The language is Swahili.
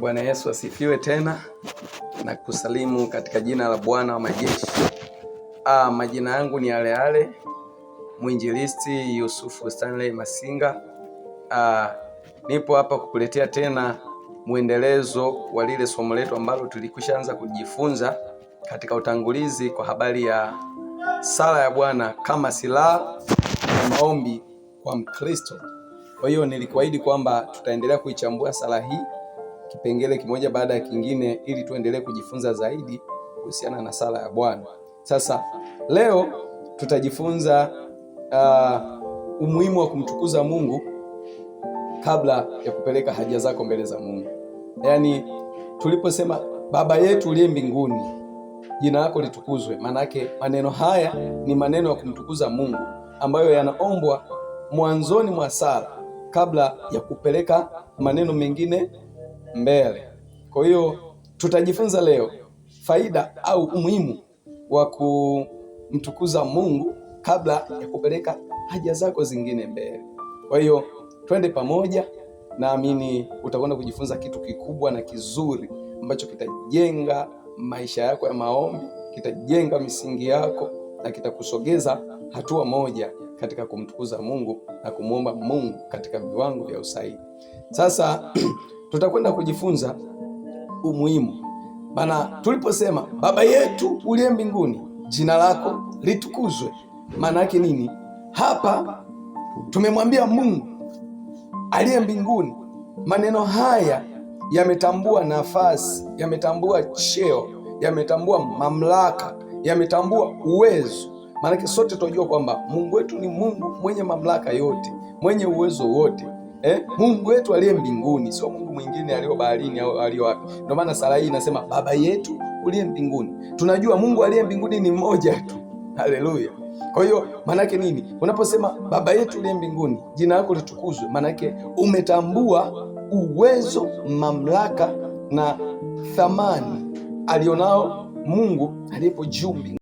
Bwana Yesu asifiwe tena na kusalimu katika jina la Bwana wa majeshi. Ah, majina yangu ni yale yale, mwinjilisti Yusufu Stanley Masinga. Ah, nipo hapa kukuletea tena mwendelezo wa lile somo letu ambalo tulikwishaanza kujifunza katika utangulizi kwa habari ya sala ya Bwana kama silaha ya maombi kwa Mkristo. Kwa hiyo nilikuahidi kwamba tutaendelea kuichambua sala hii kipengele kimoja baada ya kingine, ili tuendelee kujifunza zaidi kuhusiana na sala ya Bwana. Sasa leo tutajifunza uh, umuhimu wa kumtukuza Mungu kabla ya kupeleka haja zako mbele za Mungu, yaani tuliposema Baba yetu uliye mbinguni, jina lako litukuzwe, maanake maneno haya ni maneno ya kumtukuza Mungu ambayo yanaombwa mwanzoni mwa sala kabla ya kupeleka maneno mengine mbele. Kwa hiyo tutajifunza leo faida au umuhimu wa kumtukuza Mungu kabla ya kupeleka haja zako zingine mbele. Kwa hiyo twende pamoja, naamini utakwenda kujifunza kitu kikubwa na kizuri ambacho kitajenga maisha yako ya maombi, kitajenga misingi yako na kitakusogeza hatua moja katika kumtukuza Mungu na kumwomba Mungu katika viwango vya usahihi. Sasa tutakwenda kujifunza umuhimu. Maana tuliposema Baba yetu uliye mbinguni, jina lako litukuzwe, maana yake nini? Hapa tumemwambia Mungu aliye mbinguni. Maneno haya yametambua nafasi, yametambua cheo, yametambua mamlaka, yametambua uwezo. Maanake sote tunajua kwamba Mungu wetu ni Mungu mwenye mamlaka yote, mwenye uwezo wote. Eh, Mungu wetu aliye mbinguni, sio Mungu mwingine aliyo baharini au aliyo wapi. Ndio maana sala hii inasema baba yetu uliye mbinguni. Tunajua Mungu aliye mbinguni ni mmoja tu. Haleluya! Kwa hiyo maanake nini? Unaposema baba yetu uliye mbinguni, jina lako litukuzwe, maanake umetambua uwezo, mamlaka na thamani alionao Mungu aliyepo juu mbinguni.